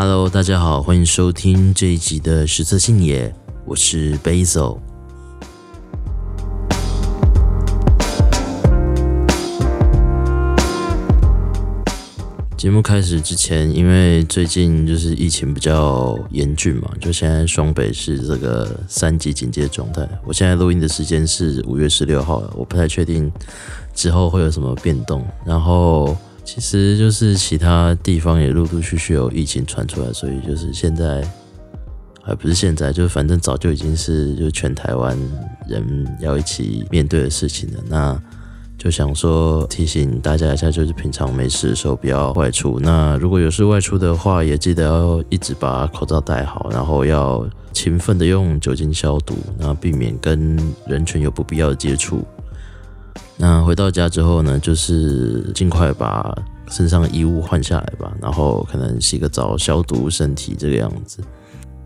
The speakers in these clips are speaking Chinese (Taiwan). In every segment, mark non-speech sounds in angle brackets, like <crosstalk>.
Hello，大家好，歡迎收聽這一集的食色性也，我是 Basil。節目開始之前，因為最近就是疫情比較嚴峻嘛，就現在雙北是這個三級警戒狀態。我現在錄音的時間是五月十六號了，我不太確定之後會有什麼變動，然後。其實就是其他地方也陸陸續續有疫情傳出來，所以就是現在還不是現在，就反正早就已經是就全台灣人要一起面對的事情了。那就想說提醒大家一下，就是平常沒事的時候不要外出。那如果有事外出的話，也記得要一直把口罩戴好，然後要勤奮的用酒精消毒，那避免跟人群有不必要的接觸。那回到家之後呢，就是盡快把身上的衣物換下來吧，然後可能洗個澡消毒身體這個樣子。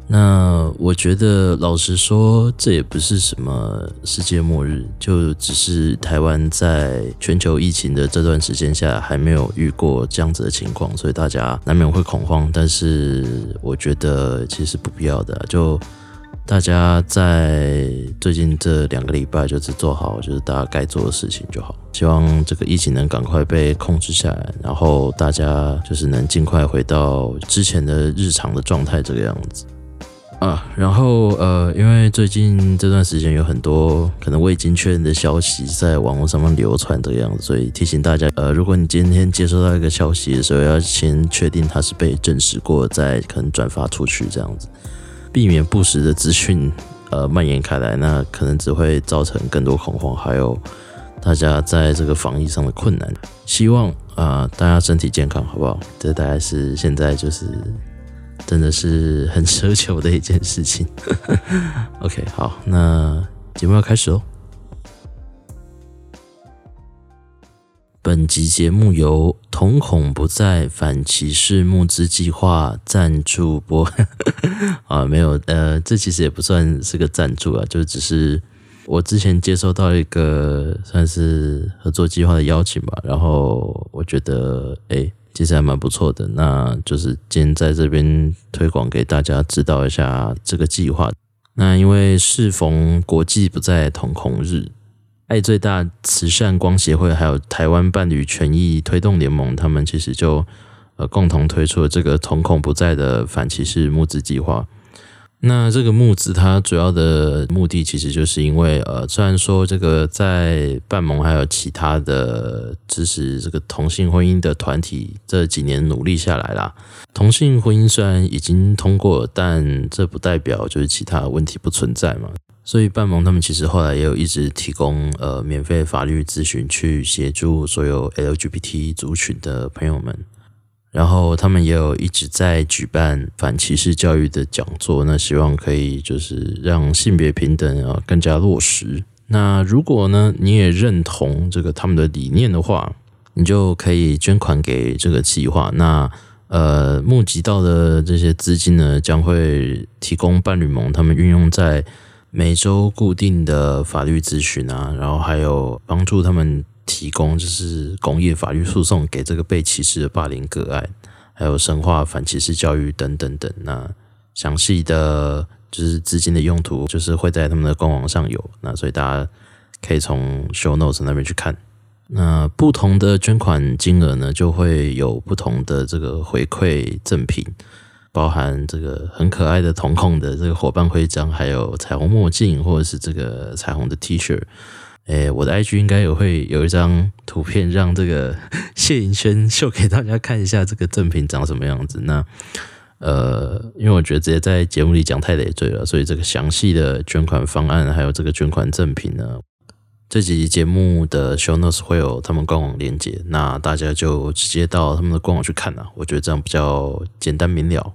那我覺得老實說，這也不是什麼世界末日，就只是台灣在全球疫情的這段時間下還沒有遇過這樣子的情況，所以大家難免會恐慌，但是我覺得其實不必要的啊，就。大家在最近這兩個禮拜，就只做好就是大家該做的事情就好。希望這個疫情能趕快被控制下來，然後大家就是能盡快回到之前的日常的狀態這個樣子。啊，然後呃，因為最近這段時間有很多可能未經確認的消息在網絡上面流傳這個樣子，所以提醒大家，呃，如果你今天接收到一個消息的時候，要先確定它是被證實過，再可能轉發出去這樣子。避免不實的資訊，呃，蔓延開來，那可能只會造成更多恐慌，還有大家在這個防疫上的困難。希望啊，呃，大家身體健康，好不好？這大概是現在就是真的是很奢求的一件事情。 <laughs> OK，好，那節目要開始嘍。本集節目由同恐不再反歧視募資計劃贊助播 <laughs> 啊，沒有，呃，這其實也不算是個贊助啊，就只是我之前接收到一個算是合作計劃的邀請吧，然後我覺得，哎、欸，其實還蠻不錯的，那就是今天在這邊推廣給大家知道一下這個計劃。那因為適逢國際不再恐同日。愛最大慈善光協會，還有台灣伴侶權益推動聯盟，他們其實就呃共同推出了這個“同恐不再”的反歧視募資計劃。那這個募資，它主要的目的其實就是因為呃，雖然說這個在伴盟還有其他的支持這個同性婚姻的團體這幾年努力下來啦。同性婚姻雖然已經通過，但這不代表就是其他問題不存在嘛。所以，伴侶盟他們其實後來也有一直提供呃免費法律諮詢，去協助所有 LGBT 族群的朋友們。然後，他們也有一直在舉辦反歧視教育的講座，那希望可以就是讓性別平等啊更加落實。那如果呢，你也認同這個他們的理念的話，你就可以捐款給這個計劃。那呃，募集到的這些資金呢，將會提供伴侶盟他們運用在。每週固定的法律諮詢啊，然後還有幫助他們提供就是公益法律訴訟給這個被歧視的霸凌個案，還有深化反歧視教育等等等。那詳細的就是資金的用途，就是會在他們的官網上有，那所以大家可以從 show notes 那邊去看。那不同的捐款金額呢，就會有不同的這個回饋贈品。包含這個很可愛的瞳孔的這個夥伴徽章，還有彩虹墨鏡，或者是這個彩虹的 T 恤。誒、欸，我的 IG 應該也會有一張圖片，讓這個謝盈萱秀給大家看一下這個贈品長什麼樣子。那呃，因為我覺得直接在節目裡講太累贅了，所以這個詳細的捐款方案還有這個捐款贈品呢，這集節目的 show notes 會有他們官網連結，那大家就直接到他們的官網去看啦。我覺得這樣比較簡單明了。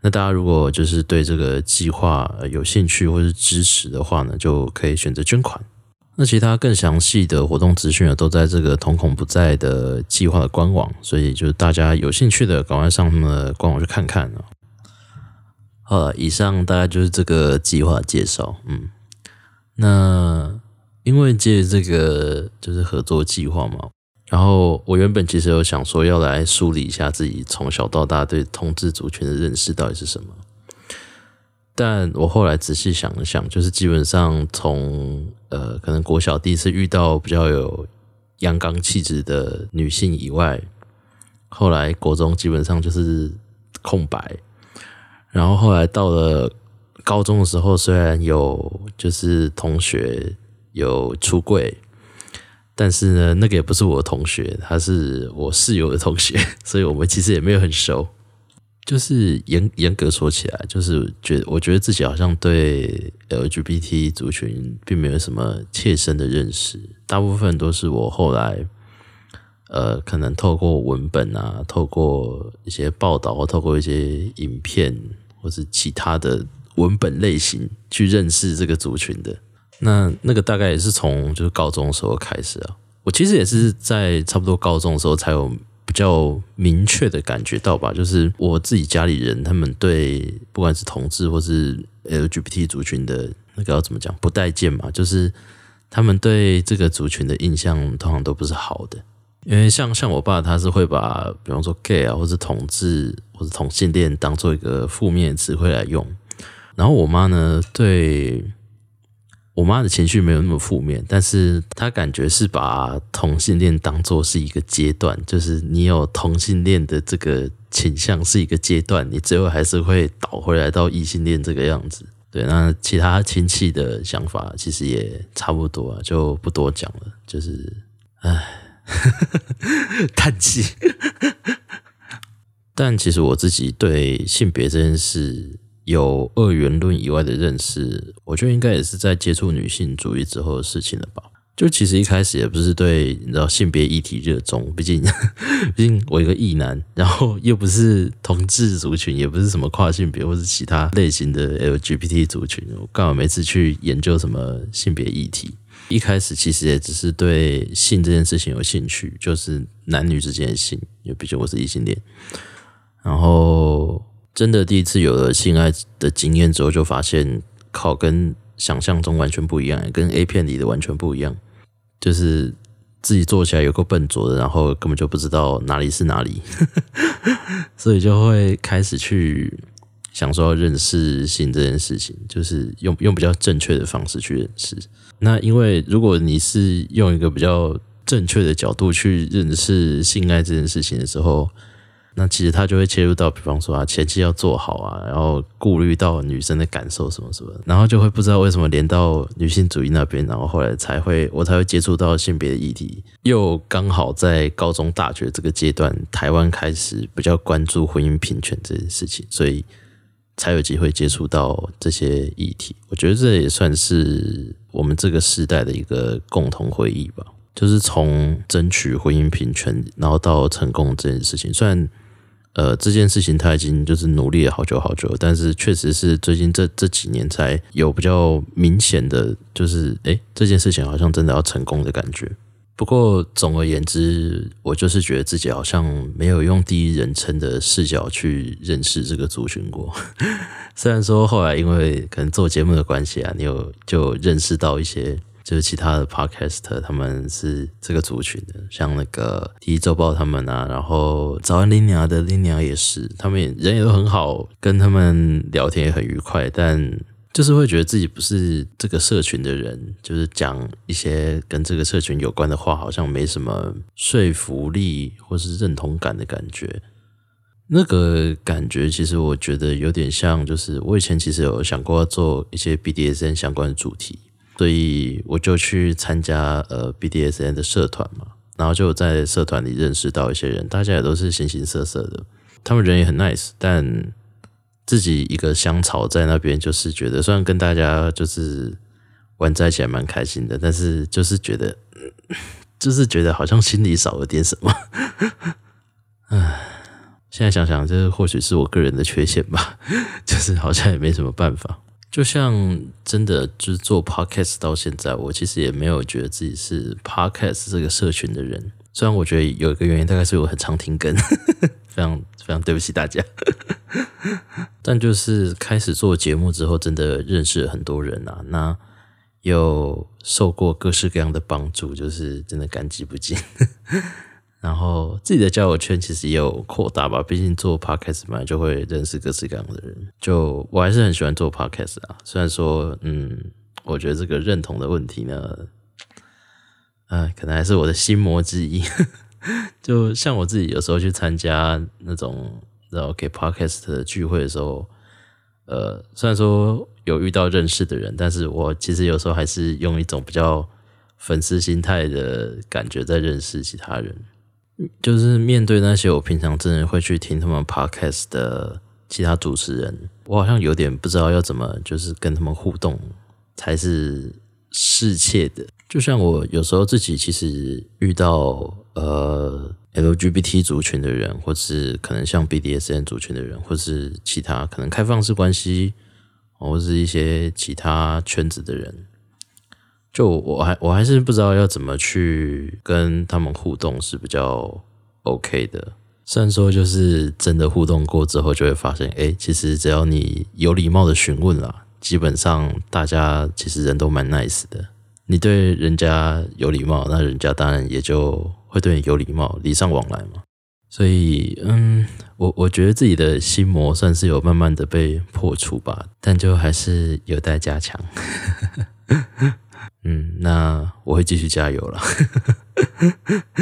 那大家如果就是對這個計劃有興趣或者是支持的話呢，就可以選擇捐款。那其他更詳細的活動資訊呢，都在這個同恐不再的計劃的官網，所以就是大家有興趣的，趕快上他們的官網去看看。好了，以上大概就是這個計劃介紹。嗯，那因為借這個就是合作計劃嘛。然後我原本其實有想說要來梳理一下自己從小到大對同志族群的認識到底是什麼，但我後來仔細想了想，就是基本上從呃，可能國小第一次遇到比較有陽剛氣質的女性以外，後來國中基本上就是空白，然後後來到了高中的時候，雖然有就是同學有出櫃。但是呢，那個也不是我的同學，他是我室友的同學，所以我們其實也沒有很熟。就是嚴嚴格說起來，就是覺得我覺得自己好像對 LGBT 族群並沒有什麼切身的認識，大部分都是我後來呃，可能透過文本啊，透過一些報道或透過一些影片，或是其他的文本類型去認識這個族群的。那那個大概也是從就是高中的時候開始啊，我其實也是在差不多高中的時候才有比較明確的感覺到吧，就是我自己家裡人他們對不管是同志或是 LGBT 族群的那個要怎麼講不待見嘛，就是他們對這個族群的印象通常都不是好的，因為像像我爸他是會把比方說 gay 啊或是同志或是同性戀當做一個負面詞彙來用，然後我媽呢，對。我媽的情緒沒有那麼負面，但是她感覺是把同性戀當作是一個階段，就是你有同性戀的這個傾向是一個階段，你最後還是會倒回來到異性戀這個樣子。對，那其他親戚的想法其實也差不多啊，就不多講了。就是唉，呵呵嘆氣。但其實我自己對性別這件事。有二元論以外的認識，我覺得應該也是在接觸女性主義之後的事情了吧。就其實一開始也不是對你知道性別議題熱衷，畢竟畢竟我一個異男，然後又不是同志族群，也不是什麼跨性別或是其他類型的 LGBT 族群，我根本沒去研究什麼性別議題。一開始其實也只是對性這件事情有興趣，就是男女之間的性，因為畢竟我是異性戀，然後。真的第一次有了性愛的經驗之後，就發現靠，跟想象中完全不一樣，跟 A 片裡的完全不一樣。就是自己做起來有夠笨拙的，然後根本就不知道哪裡是哪裡， <laughs> 所以就會開始去想說要認識性這件事情，就是用用比較正確的方式去認識。那因為如果你是用一個比較正確的角度去認識性愛這件事情的時候。那其實他就會切入到，比方說啊，前期要做好啊，然後顧慮到女生的感受什麼什麼，然後就會不知道為什麼連到女性主義那邊，然後後來才會我才會接觸到性別的議題，又剛好在高中大學這個階段，台灣開始比較關注婚姻平權這件事情，所以才有機會接觸到這些議題。我覺得這也算是我們這個時代的一個共同回憶吧，就是從爭取婚姻平權，然後到成功這件事情，雖然。呃，這件事情他已經就是努力了好久好久，但是確實是最近這這幾年才有比較明顯的，就是誒，這件事情好像真的要成功的感覺。不過總而言之，我就是覺得自己好像沒有用第一人稱的視角去認識這個族群過。 <laughs> 雖然說後來因為可能做節目的關係啊，你有就認識到一些。就是其他的 Podcast，他們是這個族群的，像那個第一週報他們啊，然後早安 Linear 的 Linear 也是，他們也人也都很好，跟他們聊天也很愉快，但就是會覺得自己不是這個社群的人，就是講一些跟這個社群有關的話，好像沒什麼說服力或是認同感的感覺。那個感覺其實我覺得有點像，就是我以前其實有想過要做一些 BDSN 相關的主題。所以我就去參加呃 BDSM 的社團嘛，然後就在社團裡認識到一些人，大家也都是形形色色的，他們人也很 nice，但自己一個香草在那邊，就是覺得雖然跟大家就是玩在一起還蠻開心的，但是就是覺得就是覺得好像心裡少了點什麼。 <laughs> 唉，現在想想，這、就是、或許是我個人的缺陷吧，就是好像也沒什麼辦法。就像真的就是做 podcast 到現在，我其實也沒有覺得自己是 podcast 這個社群的人。雖然我覺得有一個原因大概是我很常停更，非常非常對不起大家。但就是開始做節目之後，真的認識了很多人啊，那又受過各式各樣的幫助，就是真的感激不盡。然後自己的交友圈其實也有擴大吧，畢竟做 podcast 嘛，就會認識各式各樣的人。就我還是很喜歡做 podcast 啊，雖然說，嗯，我覺得這個認同的問題呢，呃，可能還是我的心魔之一。 <laughs> 就像我自己有時候去參加那種然後給 podcast 的聚會的時候，呃，雖然說有遇到認識的人，但是我其實有時候還是用一種比較粉絲心態的感覺在認識其他人。就是面對那些我平常真的會去聽他們 podcast 的其他主持人，我好像有點不知道要怎麼，就是跟他們互動才是適切的。就像我有時候自己其實遇到呃 LGBT 族群的人，或是可能像 BDSM 族群的人，或是其他可能開放式關係，或是一些其他圈子的人。就我還我還是不知道要怎麼去跟他們互動是比較 OK 的，雖然說就是真的互動過之後，就會發現，誒，其實只要你有禮貌的詢問啦，基本上大家其實人都蠻 nice 的，你對人家有禮貌，那人家當然也就會對你有禮貌，禮尚往來嘛。所以，嗯，我我覺得自己的心魔算是有慢慢的被破除吧，但就還是有待加強。 <laughs> 嗯，那我會繼續加油了，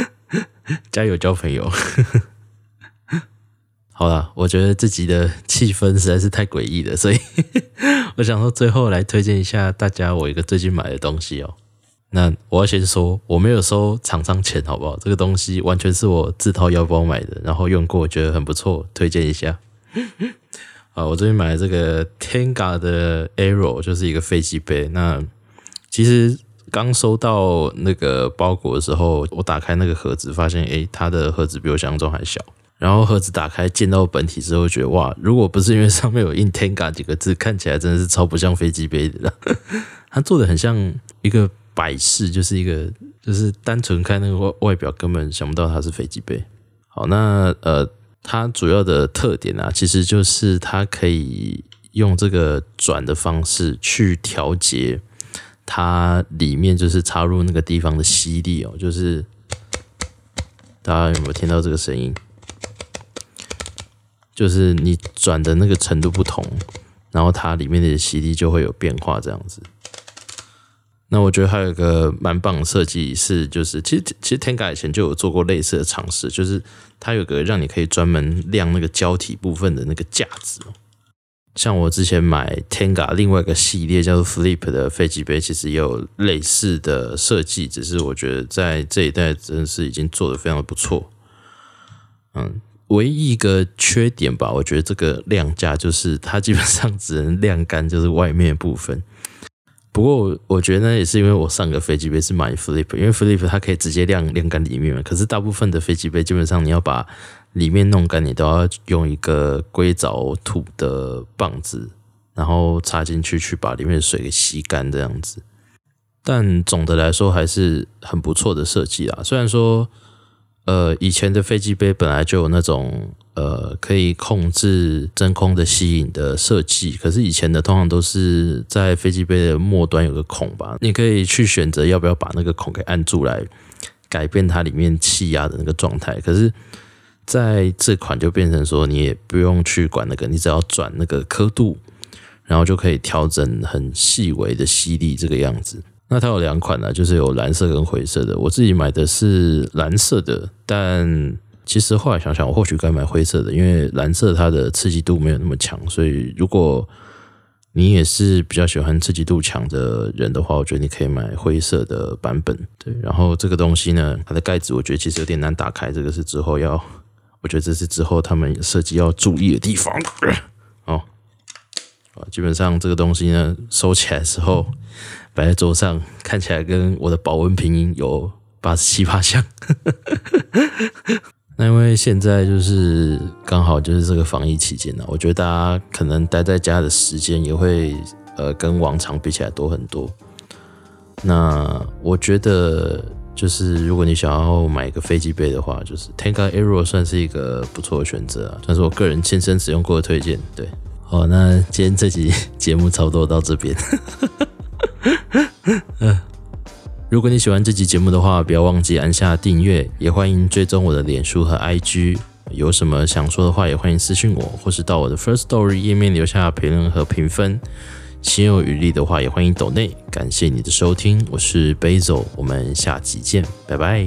<laughs> 加油交朋友。 <laughs> 好了，我覺得這集的氣氛實在是太詭異了，所以 <laughs> 我想說最後來推薦一下大家我一個最近買的東西哦。那我要先說我沒有收廠商錢，好不好？這個東西完全是我自掏腰包買的，然後用過覺得很不錯，推薦一下。啊，我最近買了這個 Tenga 的 Aero 就是一個飛機杯，那。其實剛收到那個包裹的時候，我打開那個盒子，發現哎、欸，它的盒子比我想象中還小。然後盒子打開，見到本體之後，覺得哇，如果不是因為上面有印 Tenga 幾個字，看起來真的是超不像飛機杯的。 <laughs> 它做的很像一個擺飾，就是一個就是單純看那個外外表，根本想不到它是飛機杯。好，那呃，它主要的特點啊，其實就是它可以用這個轉的方式去調節。它裡面就是插入那個地方的吸力哦，就是大家有沒有聽到這個聲音？就是你轉的那個程度不同，然後它裡面的吸力就會有變化，這樣子。那我覺得還有一個蠻棒的設計是，就是其實其實 TENGA 以前就有做過類似的嘗試，就是它有個讓你可以專門晾那個膠體部分的那個架子。像我之前買 Tenga 另外一個系列叫做 Flip 的飛機杯，其實也有類似的設計，只是我覺得在這一代真的是已經做的非常的不錯。嗯，唯一一個缺點吧，我覺得這個晾架，就是它基本上只能晾乾，就是外面部分。不過我覺得呢，也是因為我上個飛機杯是買 Flip，因為 Flip 它可以直接晾晾乾裡面嘛，可是大部分的飛機杯基本上你要把。裡面弄乾，你都要用一個硅藻土的棒子，然後插進去去把裡面的水給吸乾，這樣子。但總的來說還是很不錯的設計啊。雖然說，呃，以前的飛機杯本來就有那種呃可以控制真空的吸引的設計，可是以前的通常都是在飛機杯的末端有個孔吧，你可以去選擇要不要把那個孔給按住來改變它裡面氣壓的那個狀態，可是。在這款就變成說，你也不用去管那個，你只要轉那個刻度，然後就可以調整很細微的吸力這個樣子。那它有兩款呢啊，就是有藍色跟灰色的。我自己買的是藍色的，但其實後來想想，我或許該買灰色的，因為藍色它的刺激度沒有那麼強。所以如果你也是比較喜歡刺激度強的人的話，我覺得你可以買灰色的版本。對，然後這個東西呢，它的蓋子我覺得其實有點難打開，這個是之後要。我覺得這是之後他們設計要注意的地方，啊、哦，基本上這個東西呢，收起來之後，擺在桌上看起來跟我的保溫瓶有八十七八像。那因為現在就是剛好就是這個防疫期間呢，我覺得大家可能待在家的時間也會呃跟往常比起來多很多。那我覺得。就是如果你想要買一個飛機杯的話，就是 Tenga Aero 算是一個不錯的選擇啊，算、就是我個人親身使用過的推薦。對，好、oh,，那今天這集節目差不多到這邊。 <laughs> 如果你喜歡這集節目的話，不要忘記按下訂閱，也歡迎追蹤我的臉書和 IG。有什麼想說的話，也歡迎私訊我，或是到我的 Firstory 頁面留下評論和評分。心有餘力的話，也歡迎抖內。感謝你的收聽，我是 Basil，我們下集見，拜拜。